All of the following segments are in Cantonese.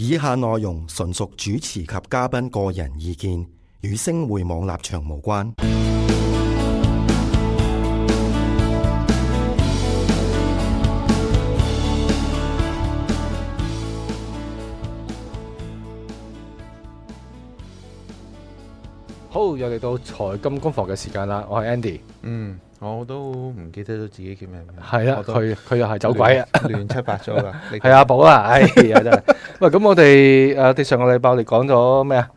以下內容純屬主持及嘉賓個人意見，與星匯網立場無關。好，又嚟到財金工房嘅時間啦！我係 Andy。嗯，我都唔記得咗自己叫咩名。係啦的，佢佢又係走鬼啊，亂七八糟噶。係阿寶啊，哎呀真係。喂、 嗯，咁我哋誒，啲、啊、上個禮拜我哋講咗咩啊？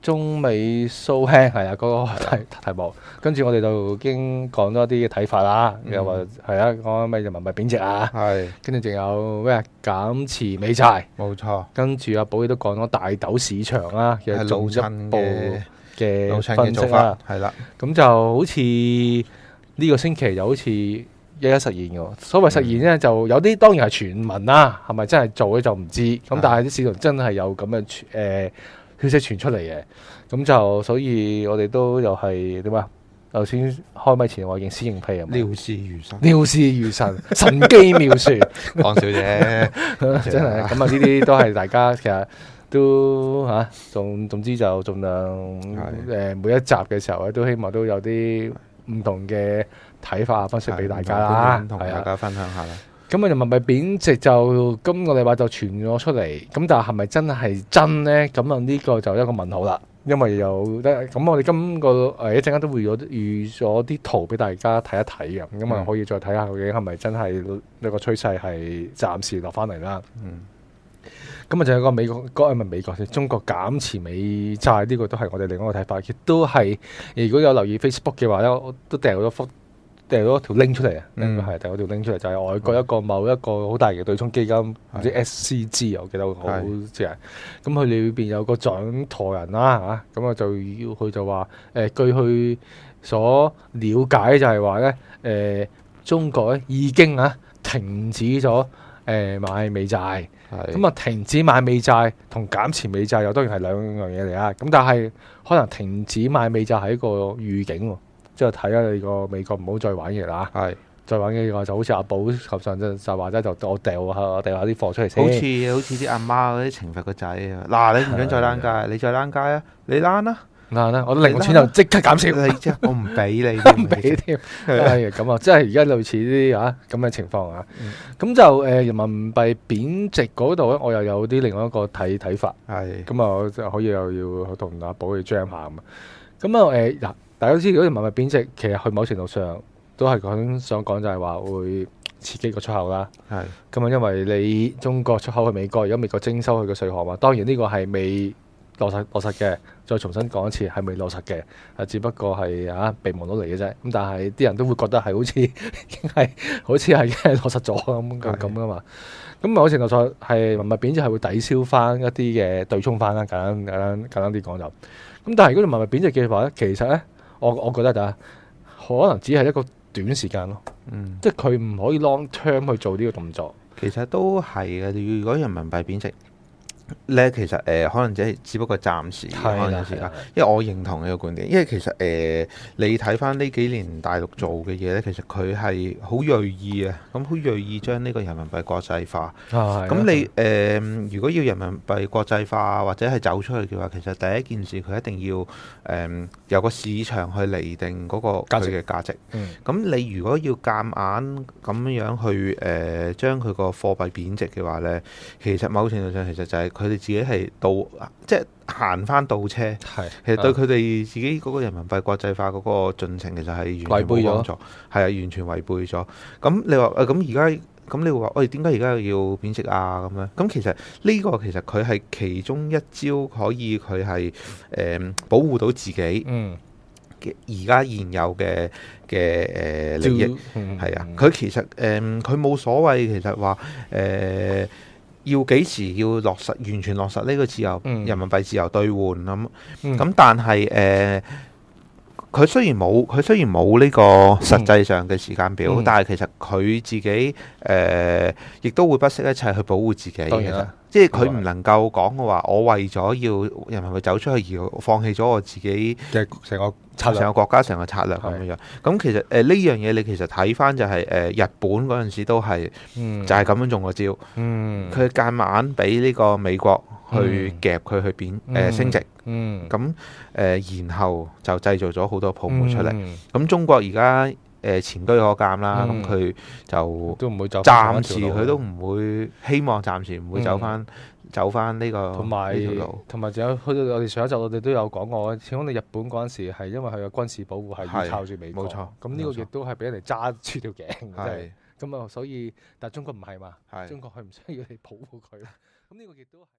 中美縮輕係啊，嗰、那個題題目。跟住我哋就已經講咗一啲嘅睇法啦。又話係啊，講咩人民幣貶值啊？係。跟住仲有咩減持美債？冇錯。跟住阿寶亦都講咗大豆市場啦，其實做一步。嘅分析啦，係啦，咁就好似呢個星期又好似一一實現嘅。所謂實現咧，就有啲當然係傳聞啦，係咪真係做嘅就唔知。咁但係啲市場真係有咁嘅誒消息傳出嚟嘅，咁就所以我哋都又係點啊？頭先開咪前我見先型批，料事如神，料事如神，神機妙算。講 小姐， 真係咁啊！呢啲的都係大家其實。都嚇，總、啊、總之就盡量誒的、呃、每一集嘅時候咧，都希望都有啲唔同嘅睇法分析俾大家啦，同大家分享下啦。咁啊，人民幣貶值就今個禮拜就傳咗出嚟，咁但係係咪真係真呢？咁啊呢個就一個問號啦，因為有得咁我哋今個誒一陣間都會咗預咗啲圖俾大家睇一睇嘅，咁啊、嗯、可以再睇下究竟係咪真係呢個趨勢係暫時落翻嚟啦？嗯。咁啊，仲有個美國，講係咪美國先？中國減持美債呢個都係我哋另外一個睇法，亦都係。如果有留意 Facebook 嘅話咧，我都掉咗幅，掉咗條 link 出嚟啊。嗯，係掉咗條 link 出嚟，就係、是、外國一個某一個好大型嘅對沖基金，唔、嗯、知 SCG 我記得好似係。咁佢是 裏邊有個掌舵人啦，吓咁啊，啊就要佢就話，誒、呃，據佢所了解就，就係話咧，誒，中國咧已經啊停止咗誒、呃、買美債。咁啊、嗯，停止買美債同減持美債又當然係兩樣嘢嚟啊！咁但係可能停止買美債係一個預警，即係睇下你個美國唔好再玩嘢啦嚇。係是，再玩嘅話就好似阿寶及上就話啫，就我掉下我掉下啲貨出嚟好似，好似啲阿媽嗰啲懲罰個仔，嗱、啊、你唔準再躝街，的街，你再躝街啊，你躝啦！我零用錢又即刻減少的， 我唔俾你，唔俾添，咁啊！即係而家類似啲啊，咁嘅情況啊，咁 就誒人民幣貶值嗰度咧，我又有啲另外一個睇睇法，係咁啊！我就可以又要同阿寶去 jam 下咁啊！咁啊誒嗱，大家都知如果人民幣貶值，其實去某程度上都係講想講就係話會刺激個出口啦，係咁啊！因為你中國出口去美國，如果美國徵收佢嘅稅項話，當然呢個係未。落實落實嘅，再重新講一次，係未落實嘅，係、啊、只不過係嚇備忘錄嚟嘅啫。咁、啊、但係啲人都會覺得係好似已係好似係已經落實咗咁咁噶嘛。咁咪我前頭再係文物貶值係會抵消翻一啲嘅對沖翻啦，簡單簡單啲講就。咁但係嗰條文物貶值嘅話咧，其實咧，我我覺得就，可能只係一個短時間咯。嗯，即係佢唔可以 long term 去做呢個動作。其實都係嘅，如果人民幣貶值。咧，其實誒、呃、可能只係只不過暫時嘅的時間，因為我認同呢個觀點，因為其實誒、呃、你睇返呢幾年大陸做嘅嘢咧，其實佢係好銳意啊，咁好銳意將呢個人民幣國際化。咁的你誒的、呃、如果要人民幣國際化或者係走出去嘅話，其實第一件事佢一定要誒、呃、有個市場去厘定嗰、那個佢嘅價值。咁你如果要夾硬咁樣去誒、呃、將佢個貨幣貶值嘅話咧，其實某程度上其實就係、是。佢哋自己係倒，即係行翻倒車。係是，其實對佢哋自己嗰個人民幣國際化嗰個進程，其實係完全冇幫助。係啊，完全違背咗。咁你話誒，咁而家咁你話，我哋點解而家要貶值啊？咁樣咁其實呢個其實佢係其中一招，可以佢係誒保護到自己現現嗯。嗯。嘅而家現有嘅嘅誒利益係啊，佢其實誒佢冇所謂，其實話誒。嗯要幾時要落實完全落實呢個自由、嗯、人民幣自由兌換咁咁、嗯，但係誒。呃佢雖然冇，佢雖然冇呢個實際上嘅時間表，嗯、但係其實佢自己誒亦、呃、都會不惜一切去保護自己嘅，即係佢唔能夠講嘅話，我為咗要人民幣走出去而放棄咗我自己嘅成個成個國家成個策略咁樣。咁的、嗯、其實誒呢樣嘢，呃這個、你其實睇翻就係、是、誒、呃、日本嗰陣時都係，就係咁樣中個招。嗯，佢夾硬俾呢個美國，去夾佢去變誒升值，咁誒然後就製造咗好多泡沫出嚟。咁中國而家誒前車可鑑啦，咁佢就都唔會走。暫時佢都唔會希望暫時唔會走翻走翻呢個同埋呢條路，同埋仲有去到我哋上一集我哋都有講過，始終你日本嗰陣時係因為佢嘅軍事保護係靠住美國，冇錯。咁呢個亦都係俾人哋揸住條頸，咁啊，所以但係中國唔係嘛？中國係唔需要你保護佢，咁呢個亦都。